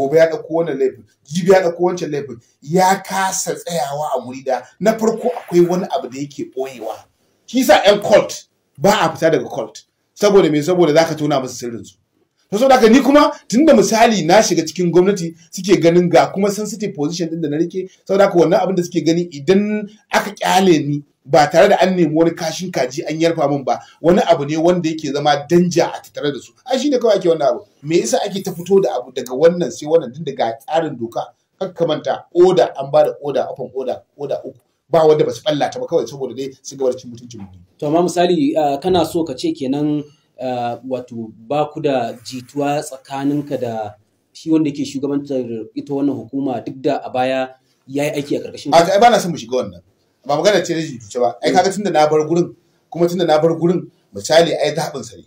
gobe ya ɗauko wannan laifin jibi ya ɗauko wancan laifin ya kasa tsayawa a murida. na farko akwai wani abu da yake ɓoyewa shi sa yan cult ba a fita daga cult saboda me saboda zaka tona musu sirrin su to saboda haka ni kuma tunda misali na shiga cikin gwamnati suke ganin ga kuma sensitive position din da na rike saboda haka wannan abin da suke gani idan aka kyale ni ba tare da an nemi wani kashin kaji an yarfa min ba wani abu ne wanda yake zama danja a tattare da su ai ne kawai ake wannan abu me yasa ake ta fito da abu daga wannan sai wannan din daga tsarin doka ka manta oda an ba da oda afan oda oda uku ba wanda ba su balla ta ba kawai saboda dai sun ga cin mutuncin mu. to amma misali kana so ka ce kenan wato ba ku da jituwa tsakaninka da shi wanda ke shugabantar ita wannan hukuma duk da a baya ya yi aiki a ƙarƙashin. A ba na son mu shiga wannan. ba magana ce da cuce ba ai kaga tunda na bar gurin kuma tunda na bar gurin misali ai zaɓin sa ne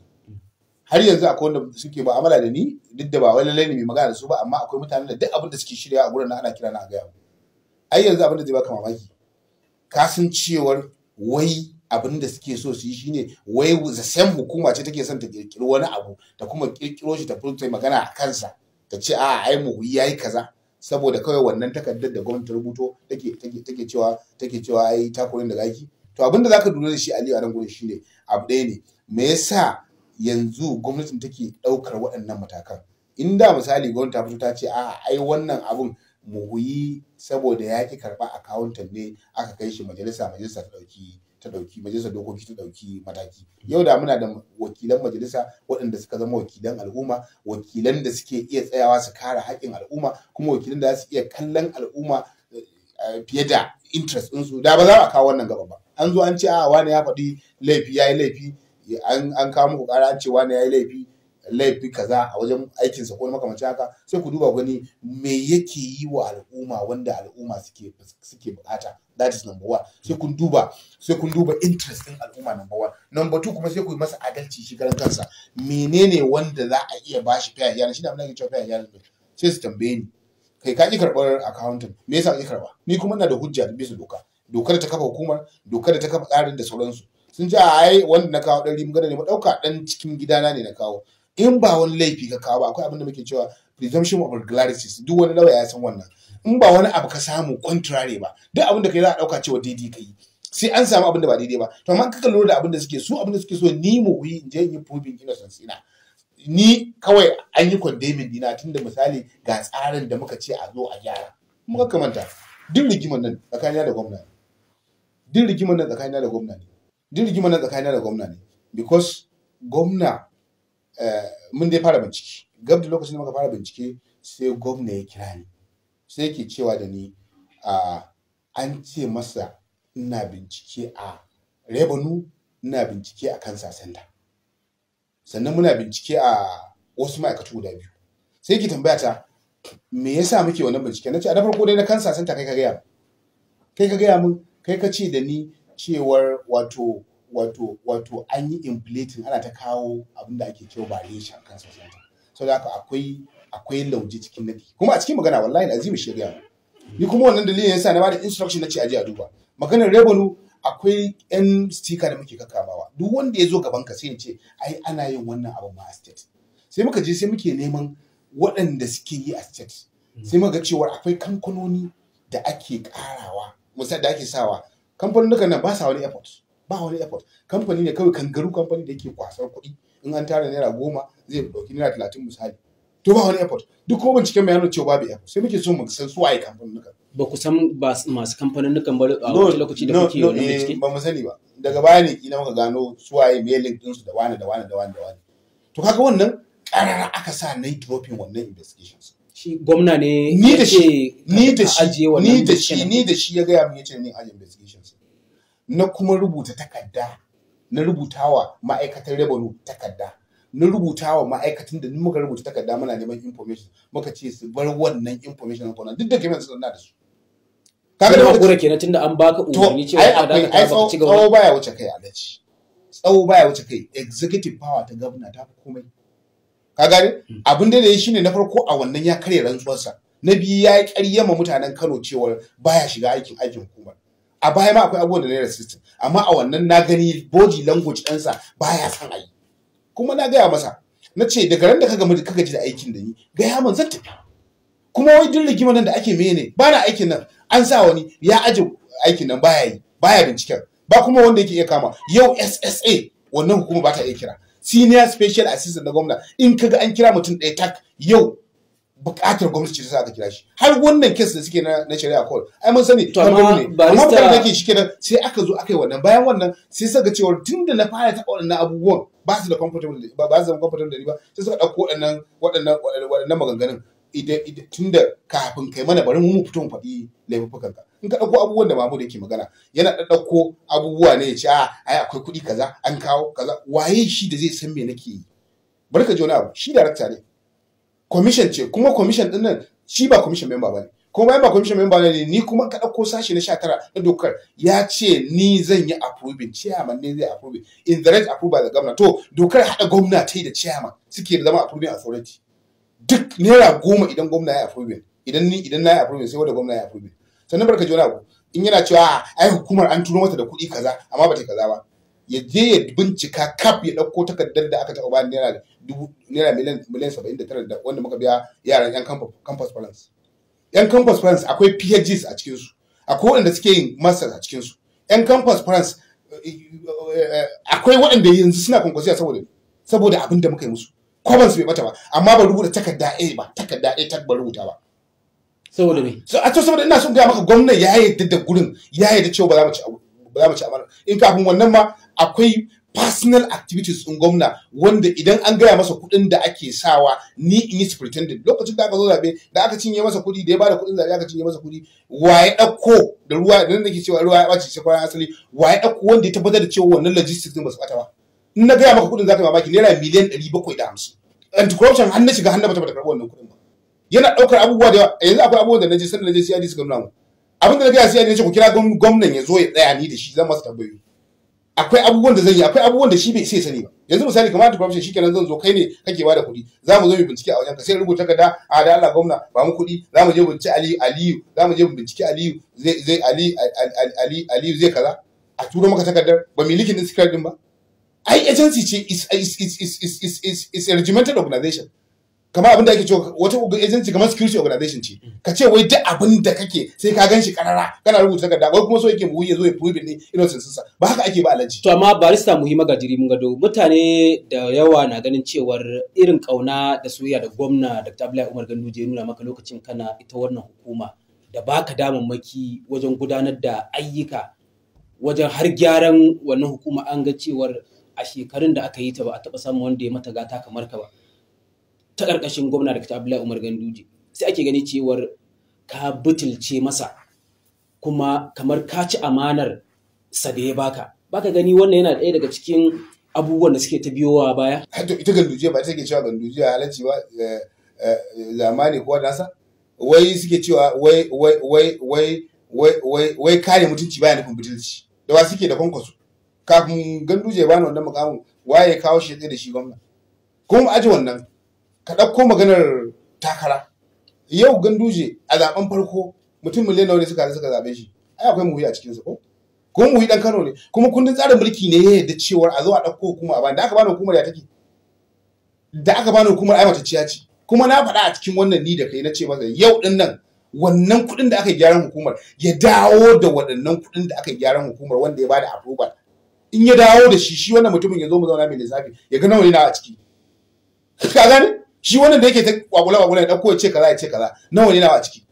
har yanzu akwai wanda suke ba amala da ni duk da ba wai lallai ne mai magana da su ba amma akwai mutanen da duk abin da suke shirya a gurin na ana kira na gaya ai yanzu abin da zai baka mamaki cewar wai abin da suke so su yi shine wai the same hukuma ce take son ta kirkiri wani abu ta kuma kirkiro shi ta furta magana a kansa ta ce a ai mu yayi kaza saboda kawai wannan takardar da gwamnati ta rubuto take take cewa take cewa ai takurin da zaki to abin da zaka lura da shi Aliyu a nan shine abu ɗaya ne me yasa yanzu gwamnatin take ɗaukar waɗannan matakan inda misali gwamnati ta fito ta ce a ai wannan abun mu huyi saboda ya ki karba akawuntan ne aka kai shi majalisa majalisa ta ɗauki ta dauki majalisar dokoki ta dauki mataki yau da muna da wakilan majalisa waɗanda suka zama wakilan al'umma wakilan da suke iya tsayawa su kare haƙƙin al'umma kuma wakilan da su iya kallon al'umma eh, fiye da interest su da ba za a kawo wannan gaba ba an zo an ce a wani ya faɗi laifi ya yi laifi an kawo muku ƙara an ce wani ya yi laifi laifi kaza a wajen aikinsa ko makamancin haka sai ku duba gani me yake yi wa al'umma wanda al'umma suke suke bukata that is number one sai kun duba sai kun duba interest din al'umma number one number two kuma sai ku yi masa adalci shi karan kansa menene wanda za a iya bashi fair yana shi da muna cewa fair yana sai su tambaye ni kai ka ki karbar accountant me yasa ki karba ni kuma ina da hujja bisa doka dokar ta kafa hukumar dokar da ta kafa tsarin da sauransu sun ce ai wanda na kawo ɗari mun ne mu ɗauka ɗan cikin gidana ne na kawo in ba wani laifi ka kawo ba akwai abin da muke cewa presumption of regularities duk wani lawyer ya san wannan in ba wani abu ka samu contrary ba duk abin da kai za a dauka cewa daidai kai sai an samu abin da ba daidai ba to amma kaka lura da abin da suke su abin da suke so ni mu yi in je in yi proving innocence ina ni kawai an yi condemning dina tunda misali ga tsarin da muka ce a zo a gyara muka kamanta duk rigiman nan tsakanin da gwamnati. duk rigiman nan tsakanin da gwamnati. duk rigiman nan tsakanin da gwamnati. because gwamna Eh, mun dai fara bincike gab da lokacin da muka fara bincike sai gwamna ya kira ni sai ke cewa da ni an ce masa ina bincike a rebanu ina bincike a kansa sanda sannan muna bincike a wasu ma'aikatu guda biyu sai ke tambaya ta me yasa muke wannan bincike na ce a da farko dai na kansa sasanta kai ka gaya kai ka gaya min kai ka ce da ni cewar wato wato wato an yi inflating ana ta kawo abin da ake cewa variation kan sosanta so da akwai akwai lauje cikin nadi kuma a cikin magana wallahi azimi shari'a ni kuma wannan dalilin yasa na bada instruction na ce aje a duba maganar revenue akwai yan sticker da muke kakkabawa duk wanda ya zo gaban ka sai ya ce ai ana yin wannan abu ma a state sai muka je sai muke neman waɗanda suke yi a state sai muka ga cewa akwai kankanoni da ake karawa musa da ake sawa kamfanonukan nan ba sa wani effort ba wani effort kamfani ne kawai kangaru kamfani da yake kwasar kuɗi in an tara naira goma zai ɗauki naira talatin misali to ba wani effort duk kuma bincike mai nuna cewa babu effort sai muke so mu san su waye kamfanin ba ku san ba masu kamfanin nukan ba a wani lokaci da kuke wannan eh, bincike ba mu sani ba daga baya ne kila muka gano su waye mailing din su da wani da wani da wani da wani to kaga wannan karara aka sa na dropping wannan investigations shi gwamna ne ni da shi ni da shi ni da shi ni da shi ya gaya min yace ne aje investigations na kuma rubuta takarda na rubutawa ma'aikatar revenue takarda na rubutawa ma'aikatan da muka rubuta takarda muna neman information muka ce su bar wannan information ko nan duk da kimiyya sun da su kaga da hakura kenan tunda an baka umarni cewa a da ka ba ci gaba tsawo baya wuce kai alaji tsawo baya wuce kai executive power ta gwamna ta fi komai ka gane hmm. abin da yayi shine na farko a wannan ya karya rantsuwarsa na biyu ya karyama mutanen Kano cewa baya shiga aikin aikin hukumar a baya ma akwai abubuwan da na resistin amma a wannan na gani body language ɗansa baya son a yi kuma na gaya masa na ce daga ran da ka gama ka gaji da aikin da ni gaya min zan tafi kuma wai duk rigima nan da ake mene ba na aikin nan an sa wani ya aje aikin nan baya yi baya binciken ba kuma wanda yake iya kama yau SSA wannan hukuma ba ta iya kira senior special assistant na gwamna in kaga an kira mutum ɗaya tak yau bukatar gwamnati ce ta aka kira shi har wannan kes da suke na shari'a court ai mun sani to amma ne amma kuma da ke shi kenan sai aka zo aka yi wannan bayan wannan sai suka cewa tunda na fara taɓa wannan abubuwan ba su da comfortable ba ba su da comfortable da ni ba sai suka ɗauko waɗannan waɗannan waɗannan maganganun idan tunda kafin kai mana bari mu fito mu faɗi laifukan ka in ka ɗauko abubuwan da mamu da yake magana yana ɗaɗɗauko abubuwa ne ya ce a ah, ai akwai kuɗi kaza an kawo kaza waye shi da zai san me nake yi bari ka ji wani abu shi darakta ne commission ce kuma commission din nan shi ba commission member bane kuma bayan ba commission member ne ni kuma ka dauko sashi na 19 na dokar ya ce ni zan yi approving chairman ne zai approve in the right approval by the governor to dokar hada gwamnati da chairman suke zama approving authority duk naira goma idan gwamna ya approve idan ni idan na yi approving sai wanda gwamna ya approve sannan barka jona abu in yana cewa ai hukumar an turo mata da kuɗi kaza amma ba ta kaza ba ya je ya bincika kaf ya ɗauko takardar da aka taɓa bayan naira naira miliyan miliyan saba'in da tara da wanda muka biya yaran yan campus france. yan campus france akwai phds a cikinsu akwai waɗanda suke yin masters a cikinsu yan campus france eh, akwai waɗanda yanzu suna kwankwasiya saboda saboda abin da muka yi musu kwaban su bai bata ba amma ba rubuta takarda A ba takarda A ta ba rubuta ba saboda me so a to saboda ina son gaya maka gwamnati ya yarda da gurin ya yarda cewa ba za mu ci abu ba za mu ci amana in kafin wannan ma akwai personal activities in gwamna wanda idan an gaya masa kuɗin da ake sawa ni in yi pretended lokacin da aka zo zabe da aka cinye masa kuɗi da ya bada kuɗin da aka cinye masa kuɗi waye ɗauko da ruwa da nake cewa ruwa ya ɓaci sai kwanan asali waye ɗauko wanda ya tabbatar da cewa wannan logistics din ba su ɓata ba in na gaya maka kuɗin zaka mamaki naira miliyan ɗari bakwai da hamsin anti corruption har na shiga har na bata bata karɓi wannan kuɗin ba yana ɗaukar abubuwa da yawa yanzu akwai abubuwan da na je sanin na je CID suka nuna mu abin da na gaya sai ya ce ku kira gwamnan ya zo ya tsaya ni da shi zan masa tambayoyi akwai abubuwan da zan yi akwai abubuwan da shi bai sai sani ba yanzu misali kamar ta corruption shikenan zan zo kai ne kake bada kuɗi za mu zo mu bincike a wajen ka sai rubuta ka da a da Allah gwamna ba mu kuɗi za mu je bincike Aliyu Aliyu za mu je bincike Aliyu zai zai Ali Ali Aliyu zai kaza a turo maka takardar ba milikin din secret din ba ai agency ce is is is is is is a regimented organization kamar abin da ake cewa wata agency kamar security organization ce ka ce wai duk abin da kake sai ka ganshi karara kana rubuta takarda wai kuma so yake mu ya zo ya prove ne innocence sa ba haka ake ba alaji to amma barista muhimma gajiri mun gado mutane da yawa na ganin cewar irin kauna da soyayya da gwamna Dr. Abdullahi Umar Ganduje ya nuna maka lokacin kana ita wannan hukuma da baka maki wajen gudanar da ayyuka wajen har gyaran wannan hukuma an ga cewar a shekarun da aka yi ta ba a taba samun wanda ya mata gata kamar ka ba ta ƙarƙashin gwamna da ta Abdullahi Umar Ganduje sai ake gani cewar ka butulce masa kuma kamar ka ci amanar sa da ya baka baka gani wannan yana ɗaya daga cikin abubuwan da suke ta biyowa baya hato ita ganduje ba take cewa ganduje halarci ba zamani eh, eh, ko nasa wai suke cewa wai wai wai wai wai wai wai kare mutunci baya nufin butulci da wa suke da kwankwaso kafin ganduje ba wannan mukamin waye kawo shi da shi gwamna kuma aji wannan ka ɗauko maganar takara yau ganduje a zaben farko mutum miliyan nawa ne suka suka zabe shi ai akwai muhi a cikin sa ko kuma muhi dan Kano ne kuma kundin tsarin mulki ne ya yadda cewar a zo a ɗauko hukuma ba da aka bani hukumar ya take da aka bani hukumar ai mata ce kuma na faɗa a cikin wannan ni da kai na ce masa yau din nan wannan kuɗin da aka yi gyaran hukumar ya dawo da waɗannan kuɗin da aka yi gyaran hukumar wanda ya bada approval in ya dawo da shi shi wannan mutumin ya zo mu zauna mai lissafi ya ga nawa na a ciki ka gane shi wannan da yake ta wagula-wagula ya dauko ya ce kaza ya ce kaza nawa ne nawa a ciki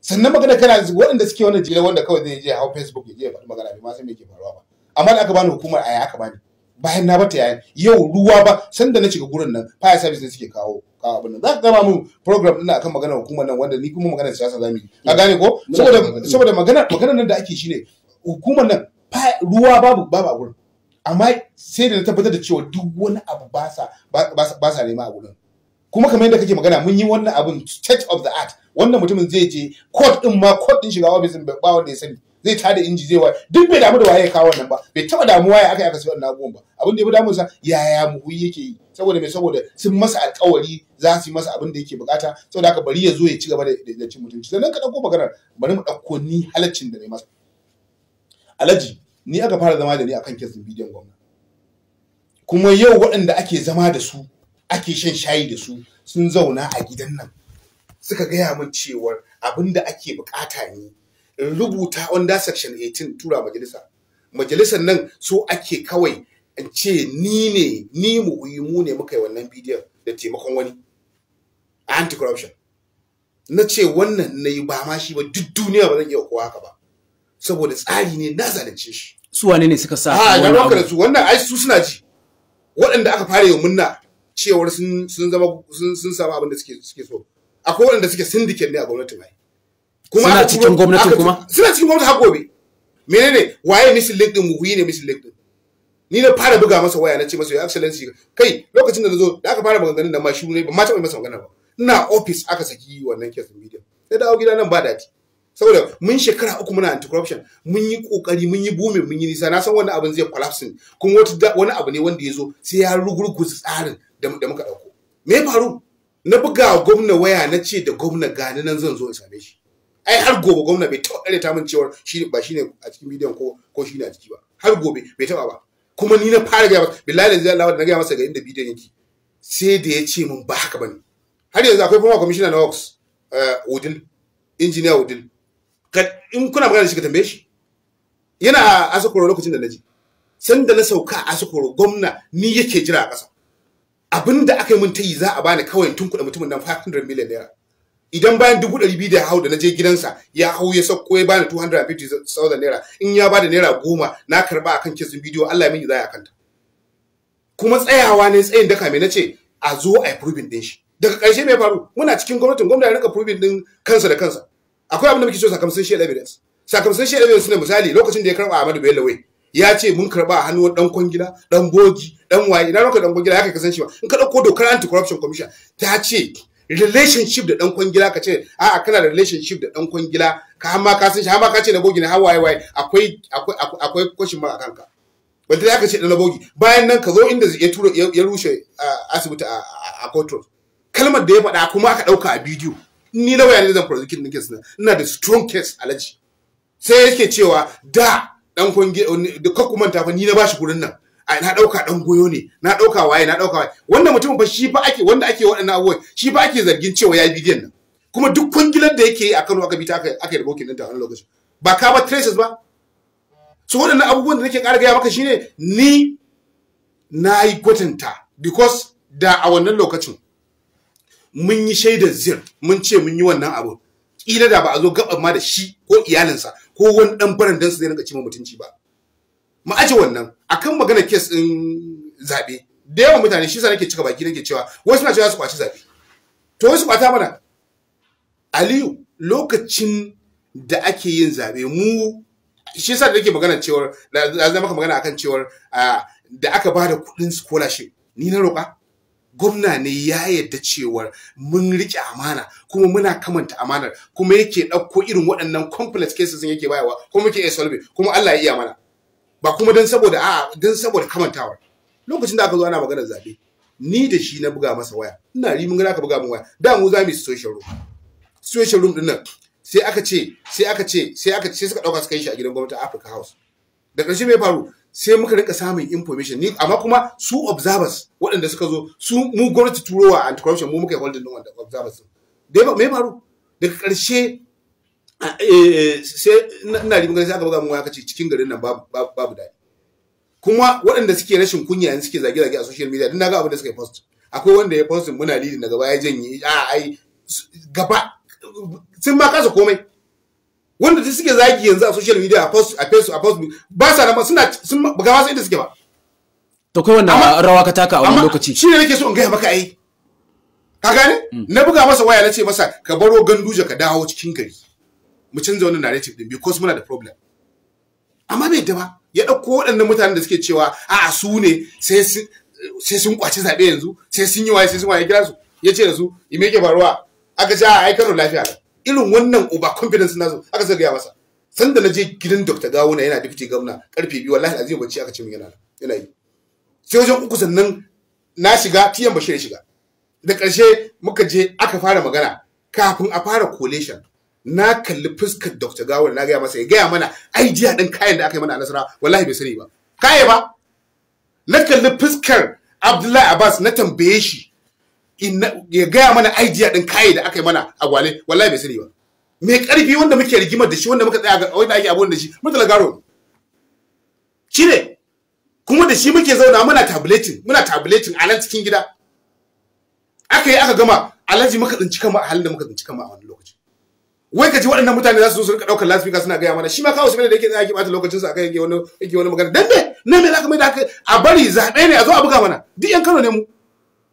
sannan magana kana waɗanda suke wannan jira wanda kawai zai je hau facebook ya je faɗi magana bai ma san me ke faruwa ba amma da aka bani hukumar aya aka bani bayan na bata yayin yau ruwa ba san da na shiga gurin nan fire service ne suke kawo kawo abin nan za ka gama mu program din akan magana hukumar nan wanda ni kuma magana siyasa zamu yi ka gane ko saboda saboda magana magana nan da ake ne, hukumar nan ruwa babu babu a gurin amma sai da na tabbatar da cewa duk wani abu ba sa ba sa nema a gurin kuma kamar yadda kake magana mun yi wannan abin state of the art wannan mutumin zai je court din ma court din shiga office ba wanda ya sani zai tada inji zai wa duk bai damu da waye ya kawo wannan ba bai taba damuwa ya aka yi aka sai wannan abubuwan ba abin da ya damu sa yaya mu huyi yake yi saboda mai saboda sun masa alƙawari za su yi masa abin da yake bukata saboda haka bari ya zo ya ci gaba da cin mutunci sannan ka dauko maganar bari mu dauko ni halaccin da ne masa alaji ni aka fara zama da ni akan kesin bidiyon gwamnati kuma yau waɗanda ake zama da su ake shan shayi da su sun zauna a gidan nan suka gaya min cewar abin da ake bukata ne in rubuta under section 18 tura majalisa majalisar nan so ake kawai in ce ni ne ni mu yi mu ne muka yi wannan bidiyon da taimakon wani anti corruption na ce wannan na yi ba ma shi ba duk duniya ba zan iya kowa haka ba saboda tsari ne na zalunce shi su wane ne suka sa ah, a ga da su wannan ai su suna ji waɗanda aka fara yau munna cewar sun zama sun samu abin da suke so akwai wanda suke syndicate ne a gwamnatin ai kuma suna cikin gwamnatin kuma suna cikin gwamnatin har gobe menene waye misin link din muhuyi ne misin link din ni na fara buga masa waya na ce masa your excellency kai lokacin da nazo da aka fara maganganun da ma shi ne ba ma taɓa masa magana ba ina office aka saki wannan case video sai dawo gida nan ba dati saboda mun shekara uku muna anti corruption mun yi kokari mun yi bumin mun yi nisa na san wannan abin zai collapse kuma wani abu ne wanda ya zo sai ya rugurguza tsarin da muka ɗauko me faru na buga gwamna waya na ce da gwamna gani nan zan zo in same shi ai har gobe gwamna bai taɓa ɗare ta min cewa shi ba shine a cikin bidiyon ko ko ne a ciki ba har gobe bai taɓa ba kuma ni na fara gaya masa billahi da Allah na gaya masa ga inda bidiyon yake sai da ya ce min ba haka bane har yanzu akwai former commissioner na works Udil eh, engineer Udil in kuna magana shi ka tambaye shi yana a asakoro lokacin da na ji sanda na sauka a asakoro gwamna ni yake jira a ƙasa abin da aka yi mun tayi za a bani kawai tunkuɗa mutumin nan 500 million naira idan bayan dubu ɗari biyu da ya hau da na je gidansa ya hau ya sauko ya bani 250,000 naira in ya bada naira goma na karba akan kisin bidiyo Allah ya za a kanta kuma tsayawa ne tsayin daka me ce a zo a yi proving din shi daga ƙarshe me faru muna cikin gwamnatin gwamnati ya rika proving din kansa da kansa akwai abin da muke so sakamakon shi evidence sakamakon shi evidence ne misali lokacin da ya karba Ahmadu Bello wai ya ce mun karba a dan kwangila dan bogi dan waye na roka dan kwangila haka ka san shi ba in ka dauko dokar anti corruption commission ta ce relationship da dan kwangila ka ce a'a kana da relationship da dan kwangila ka har ka san shi har ka ce na bogi ne har waye waye akwai akwai akwai question mark a kanka wanda ka ce na bogi bayan nan ka zo inda ya turo ya rushe ah, asibiti a Kotoro kalmar da ya faɗa kuma aka ɗauka a bidiyo ni na ne zan prosecuting case na ina da strong case alaji sai yake cewa da dan kwange da kakku manta fa ni na bashi gurin nan ai na dauka dan goyo ne na dauka waye na dauka waye wannan mutum fa shi fa ake wanda ake waɗannan abubuwan shi fa ake zargin cewa ya bidiyon nan kuma duk kwangilar da yake yi a Kano aka bi ta aka aka rubo kin ta wannan lokaci ba ka ba traces ba so waɗannan abubuwan da nake ƙara gaya maka shine ni na yi gwatanta because da a wannan lokacin mun yi shaidar zir mun ce mun yi wannan abu ƙila da ba a zo gaba ma da shi iyalinsa ko wani dan barandan su zai rinka cima mutunci ba mu aje wannan akan magana kes din zabe da yawan mutane shi sa nake cika baki nake cewa wasu na cewa su kwaci zabe to wasu kwata mana Aliyu lokacin da ake yin zabe mu shi sa da nake magana cewar da zan maka magana akan cewar ah, da aka bada kudin scholarship ni na roka gwamna ne ya yadda cewar mun rike amana kuma muna kamanta amanar kuma yake ɗauko irin waɗannan complex cases yake bayarwa kuma yake solve kuma Allah ya iya mana ba kuma dan saboda a dan saboda kamantawa lokacin da aka zo ana maganar zabe ni da shi na buga masa waya ina ri mun ga aka buga mun waya da mu za mu yi social room social room din nan sai aka ce sai aka ce sai aka ce suka dauka suka yi shi a gidan gwamnati Africa House da ƙarshe me faru sai muka rika samun information ni amma kuma su observers waɗanda suka zo su mu gwamnati turowa anti corruption mu muka yi holding din wanda observers dai ba mai faru daga ƙarshe eh, eh, sai ina ribin gari sai aka buga mu aka ce cikin garin nan babu daɗi kuma waɗanda suke rashin kunya yanzu suke zage-zage a social media din naga abin da suka yi post akwai wanda ya post muna lidi na gaba ya janye a ai gaba sun ma kasa komai wanda su suke zagi yanzu a social media a post a facebook a facebook ba sa nan suna sun ga wasu inda suke ba to kai wannan rawa ka taka a wani lokaci shi ne nake so in ga maka ai ka gane mm. na buga masa waya na ce masa ka baro ganduje ka dawo cikin gari mu canza wannan narrative din because muna da problem amma bai da ba ya ɗauko waɗannan mutanen da suke cewa a su ne sai sun kwaci zaɓe yanzu sai sun yi waye sai sun waye gidansu su ya ce da su ime ke faruwa aka ja a aikar lafiya irin wannan uba confidence nasu aka zai gaya masa sanda na je gidan Dr. Gawuna yana deputy gwamna karfe biyu wallahi azim bacci aka ce min yana yana yi sai wajen uku sannan na shiga tiyan bashir ya shiga da ƙarshe muka je aka fara magana kafin a fara collation na kalli fuskar Dr. Gawuna na gaya masa ya gaya mana ai jiya din kayan da aka yi mana a Nasara wallahi bai sani ba kaya ba na kalli fuskar Abdullahi Abbas na tambaye shi ya gaya mana aijiya din kai da aka yi mana a gwale wallahi bai sani ba mai karfi wanda muke rigimar da shi wanda muka tsaya wanda ake abun da shi mutala garo shi ne kuma da shi muke zauna muna tabletin muna tabletin a nan cikin gida aka yi aka gama alhaji muka tsinci kama a halin da muka tsinci kama a wani lokaci wai kaji waɗannan mutane za su zo su rika ɗaukar lasfika suna gaya mana shi ma kawo su da yake tsaya ke ɓata lokacinsa akan yake wani yake wani magana dan me nan me za ka mai da a bari zaɓe ne a zo a buga mana duk yan kano ne mu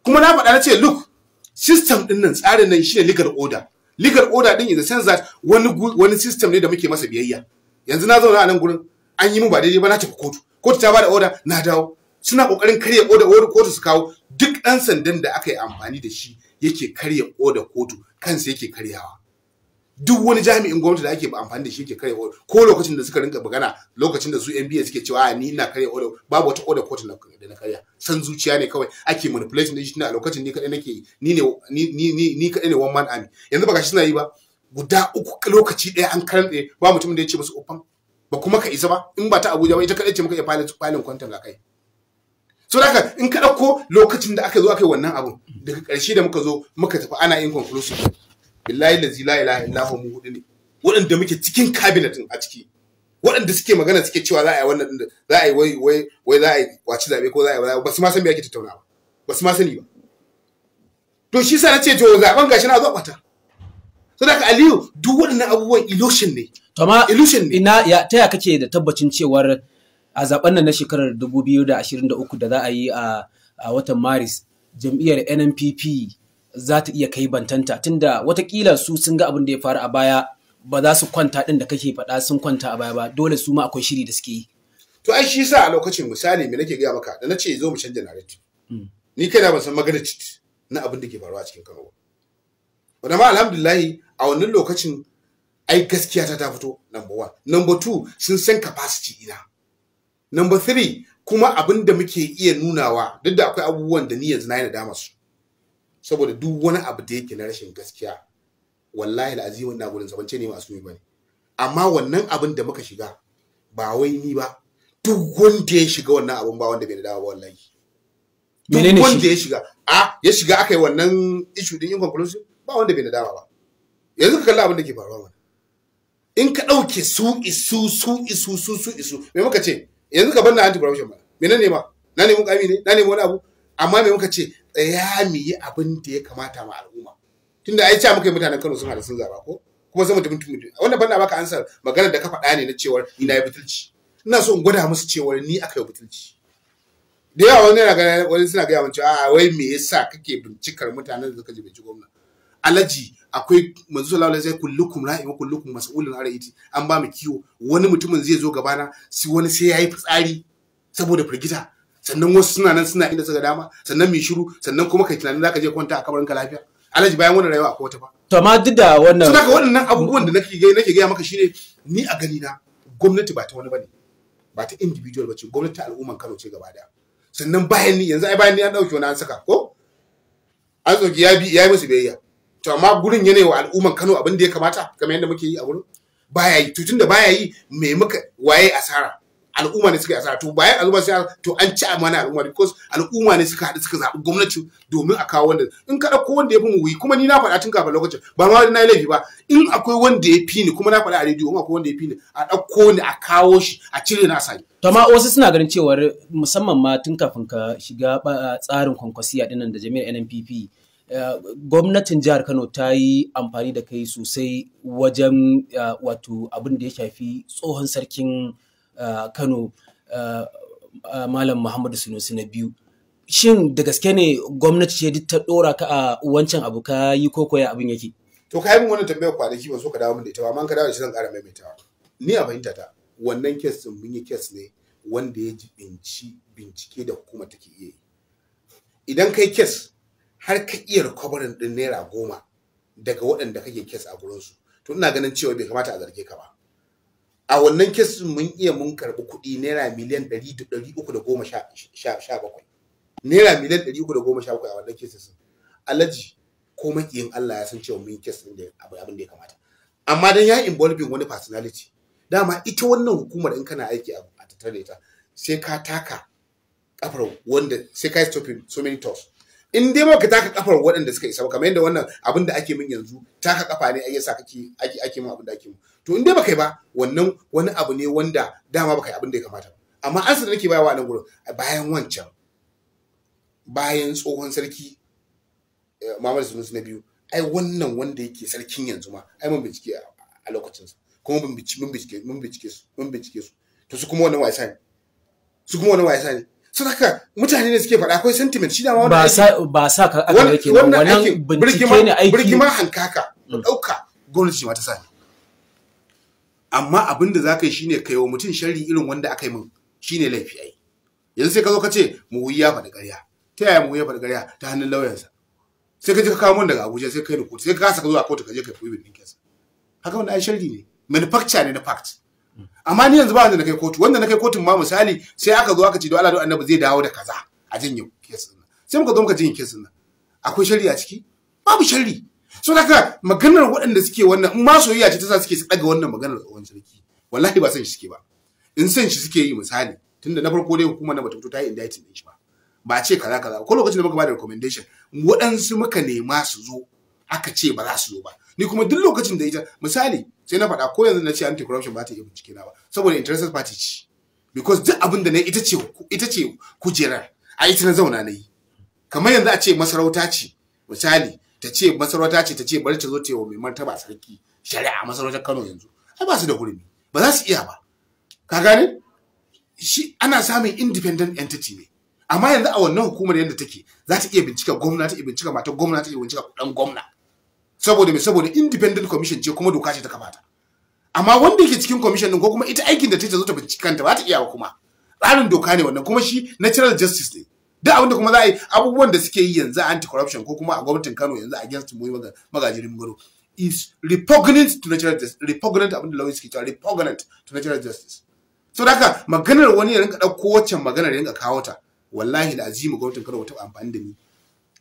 kuma na faɗa na ce look system din nan tsarin nan shine legal order legal order din in the sense that wani wani system ne da muke masa biyayya yanzu na zauna a nan gurin an yi mu ba daidai ba na tafi kotu kotu ta bada order na dawo suna kokarin karya order wani kotu su kawo duk dan sandan da aka yi amfani da shi yake karya order kotu kansa yake karyawa duk wani jami'in gwamnati da ake amfani da shi ke karya order ko lokacin da suka rinka magana lokacin da su NBA suke cewa a ni ina karya order babu wata order kotu da na karya san zuciya ne kawai ake manipulation da shi tunda a lokacin ni kadai nake ni ne ni ni ni kadai ne one man army yanzu baka shi suna yi ba guda uku lokaci daya an karanta ba mutumin da ya ce musu ofan ba kuma ka isa ba in ba ta Abuja ba ita kadai ce muka iya file file content ga kai so haka in ka dauko lokacin da aka zo aka yi wannan abun daga karshe da muka zo muka tafi ana yin conclusion billahi lazi la ilaha illa mu hudu ne waɗanda muke cikin kabinetin a ciki waɗanda suke magana suke cewa za a yi wannan za a yi wai wai wai za a yi kwaci zabe ko za a yi ba su ma san me ake tattaunawa ba su ma sani ba to shi sa nace to zaben gashi na zo kwata saboda Aliyu duk waɗannan abubuwan illusion ne to ma illusion ne ina ya taya kake da tabbacin cewar a zaben nan na shekarar 2023 da za a yi a watan Maris jam'iyyar NNPP za ta iya kai bantanta tunda watakila su sun ga abin da ya faru a baya ba za su kwanta ɗin da kake faɗa sun kwanta a baya ba dole su ma akwai shiri da suke yi. To ai shi sa a lokacin misali me nake gaya maka da na ce zo mu canja narrative. Hmm. Ni kai na ban san magana na abin da ke faruwa a cikin Kano ba. Wanda ma alhamdulillahi a wannan lokacin ai gaskiya ta ta fito number one. Number two sun san capacity ina. Number three kuma abin da muke iya nunawa duk da akwai abubuwan da ni yanzu na yi nadama su. saboda duk wani abu da yake na rashin gaskiya wallahi al'azim na gurin sabance ne masu ba ne amma wannan abin da muka shiga ba wai ni ba duk wanda ya shiga wannan abin ba wanda bai dawo ba wallahi duk wanda ya shiga a ya shiga aka yi wannan issue din inconclusive ba wanda bai dawo ba yanzu ka kalli abin da ke faruwa wani. in ka ɗauke su isu su isu su su isu me muka ce yanzu ka bar na anti corruption ba menene ma na nemi mukami ne na nemi wani abu amma me muka ce tsaya mu yi abin da ya kamata ma al'umma tunda ai cewa muka yi mutanen Kano sun hada sun zaba ko kuma sai mutum mutum wannan ban na baka ansar maganar da ka faɗa ne na cewar ni na yi butulci ina so in gwada musu cewar ni aka yi butulci da yawa wani yana ganin wani suna gaya mace a wai me yasa kake bincikar mutanen da suka je bincike gwamna alaji akwai manzo sallallahu alaihi wasallam kullukum ra'i wa kullukum mas'ulun an ra'iti an ba mu kiwo wani mutumin zai zo gabana si wani sai yayi fitsari saboda firgita sannan wasu suna nan suna inda suka dama sannan mai shiru sannan kuma kai tunanin zaka je kwanta a kabarin ka lafiya alhaji bayan wannan rayuwa akwai wata ba to amma duk da wannan suna ka wannan abubuwan da nake ga nake ga maka shine ni a gani na gwamnati ba ta wani bane ba ta individual ba ce gwamnati al'umman Kano ce gaba daya sannan bayan ni yanzu ai bayan ni an dauke wani an saka ko an zo ya bi ya yi musu biyayya to amma gurin yana wa al'umman Kano abin da ya kamata kamar yadda muke yi a gurin baya yi to tunda baya yi me muka waye asara al'umma ne suka yi asara to bayan al'umma sai to an ci na al'umma because al'umma ne suka haɗu suka zaɓi gwamnati domin a kawo wanda in ka ɗauko wanda ya fi mu kuma ni na faɗa tun kafin lokacin ba ma na yi laifi ba in akwai wanda ya fi ni kuma na faɗa a rediyo in akwai wanda ya fi ni a ɗauko ni a kawo shi a cire na sani. to amma wasu suna ganin cewar musamman ma tun kafin ka shiga tsarin kwankwasiya dinnan da jami'ar NNPP eh, gwamnatin jihar Kano ta yi amfani da kai sosai wajen eh, wato abin da ya shafi tsohon sarkin Kano Malam Muhammadu Sunusi na biyu. Shin da gaske ne gwamnati ce duk ta ɗora ka a wancan abu ka yi ko koya abin yake? To ka yi min wannan tambayar kwanaki ba so ka dawo min da ita ba amma ka dawo da shi zan ƙara maimaitawa. Ni a fahimta ta wannan kes ɗin mun yi kes ne wanda ya ji bincike da hukuma take iya yi. Idan kai kes har ka iya recovery ɗin naira goma daga waɗanda kake kes a gurinsu to ina ganin cewa bai kamata a zarge ka ba. a wannan kesin mun iya mun karɓi kuɗi naira miliyan ɗari ɗari uku da goma sha bakwai naira miliyan ɗari uku da goma sha bakwai a wannan kesin alaji ko makiyin Allah ya san cewa mun kesin da abin da ya kamata amma dan ya involving wani personality dama ita wannan hukumar in kana aiki a tattare ta, sai ka taka kafar wanda sai ka yi so many talks in dai ka taka kafar waɗanda suka isa ba kamar yadda wannan abin da ake min yanzu taka kafa ne ai yasa kake ake ake min abin da ake min to in dai baka yi ba wannan wani abu ne wanda dama baka yi abin da ya kamata amma ansa da nake bayawa a nan gurin bayan wancan bayan tsohon sarki eh, Muhammadu Sunusi na biyu ai wannan wanda yake sarkin yanzu ma ai mun bincike a lokacin sa kuma mun bincike mun bincike mun bincike su mun bincike su to su kuma wannan wasa ne su kuma wannan wasa ne sun haka mutane ne suke faɗa akwai sentiment shi dama ba sa ba sa ka aka yake wannan bincike ne aiki birgima hankaka da mm. ɗauka gwamnati ce ma ta sani amma abin da za ka yi shine kai wa mutum sharri irin wanda aka yi min shine laifi ai yanzu sai ka zo ka ce mu wuyi ya faɗi ƙarya ta yaya mu wuyi ya faɗi ƙarya ta hannun lauyansa sai ka je ka kawo mun daga Abuja sai kai ni kotu sai ka kasa ka zo a kotu ka je ka yi bin ɗinkinsa haka wannan ai sharri ne manufacture ne na fact amma ni yanzu ba wanda na kai kotu wanda na kai kotun ma misali sai aka zo aka ce don Allah don annabi zai dawo da kaza a janyo kesin nan sai muka zo muka janye kesu nan akwai shari a ciki babu shari so haka maganar waɗanda suke wannan in ma soyayya ce ta sa suke tsaga wannan maganar tsohon sarki wallahi ba san shi suke ba in san shi suke yi misali tunda na farko dai hukumar na bata fito ta yi indictment din shi ba ba ce kaza kaza ko lokacin da muka ba da recommendation waɗansu muka nema su zo aka ce ba za su zo ba ni kuma duk lokacin da ita misali sai na faɗa ko yanzu na ce anti corruption ba ta iya bincike na ba saboda interested party ce because duk abin da na ita ce ita ce kujerar a ita na zauna na yi kamar yanzu a ce masarauta ce misali ta ce masarauta ce ta ce bari ta zo ta yi mai martaba sarki shari'a masarautar Kano yanzu ai ba su da hurumi ba za su iya ba ka gane shi ana samun independent entity ne amma yanzu a wannan hukumar yadda take za ta iya bincika gwamna ta iya bincika matar gwamna ta iya bincika dan gwamna saboda me saboda independent commission ce kuma doka ce ta kafa ta amma wanda yake cikin commission din ko kuma ita aikin da ta zo ta binciki kanta ba ta iya ba kuma tsarin doka ne wannan kuma shi natural justice ne duk abinda kuma za a yi abubuwan da suke yi yanzu anti corruption ko kuma a gwamnatin Kano yanzu against mu magajirin gado is repugnant to natural justice repugnant abinda lawyers suke cewa repugnant to natural justice so haka maganar wani ya rinka ɗauko waccan maganar ya rinka kawo ta wallahi da azimi gwamnatin Kano ta amfani da ni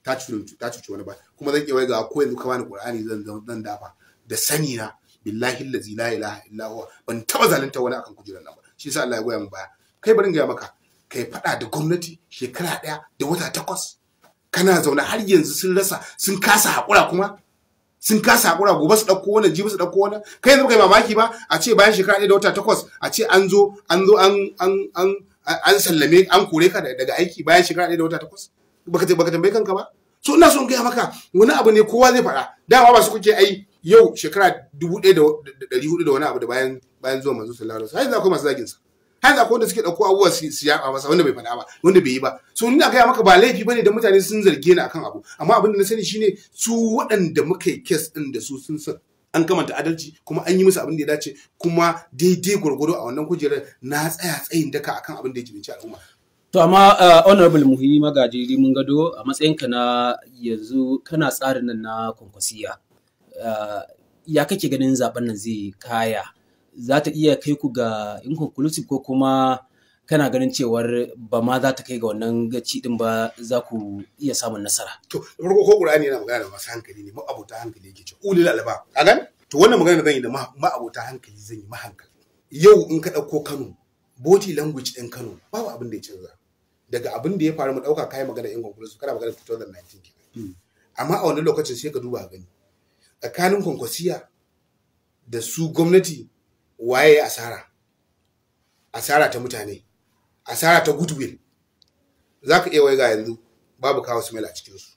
ta cuci ta cuci wani ba kuma zan iya waiga ko yanzu ka bani qur'ani zan zan dafa da sani na billahi allazi la ilaha illa huwa ban taba zalunta wani akan kujerar nan ba shi yasa Allah ya goya min baya kai barin ga maka kai fada da gwamnati shekara daya da wata takwas kana zaune har yanzu sun rasa sun kasa hakura kuma sun kasa hakura gobe su dauko wannan jibi su dauko wannan kai yanzu kai mamaki ba a ce bayan shekara ɗaya da wata takwas a ce an zo an zo an an an an sallame an kore ka daga aiki bayan shekara ɗaya da wata takwas baka baka tambaye kanka ba so ina son gaya maka wani abu ne kowa zai faɗa dama ba su kuke ai yau shekara dubu da wani abu da bayan bayan zuwa manzo sallallahu alaihi wasallam sai za ku masu zagin sa har za ku wanda suke dauko abuwa su yaɓa masa wanda bai faɗa ba wanda bai yi ba so ina gaya maka ba laifi bane da mutane sun zarge ni akan abu amma abin da na sani shine su waɗanda muka yi kes ɗin da su sun san an kamanta adalci kuma an yi musu abin da ya dace kuma daidai gwargwado a wannan kujerar na tsaya tsayin daka akan abin da ya jibinci al'umma To amma uh, honorable muhimmi magaji mun gado a matsayinka na yanzu kana tsarin nan na kwankwasiya. Uh, ya kake ganin zaben nan zai kaya za ta iya kai ku ga inconclusive ko kuma kana ganin cewar ba ma za ta kai ga wannan gaci din ba za ku iya samun nasara. To farko ko Qur'ani yana magana da masu hankali ne ma'abota hankali yake ce ulil alba a gan to wannan magana da zan yi da ma'abota hankali zan yi hankali yau in ka dauko Kano body language ɗin Kano babu abin da ya canza daga abin da ya faru mu ɗauka kai magana inconclusive kana magana 2019 kenan hmm. amma a wani lokacin sai ka duba gani tsakanin kwankwasiya da su gwamnati waye asara asara ta mutane asara ta goodwill za ka iya waiga yanzu babu kawo smell a cikinsu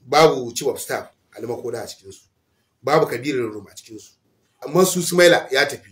babu chief of staff alima koda a cikinsu babu kabirin rum a cikinsu amma su smaila ya tafi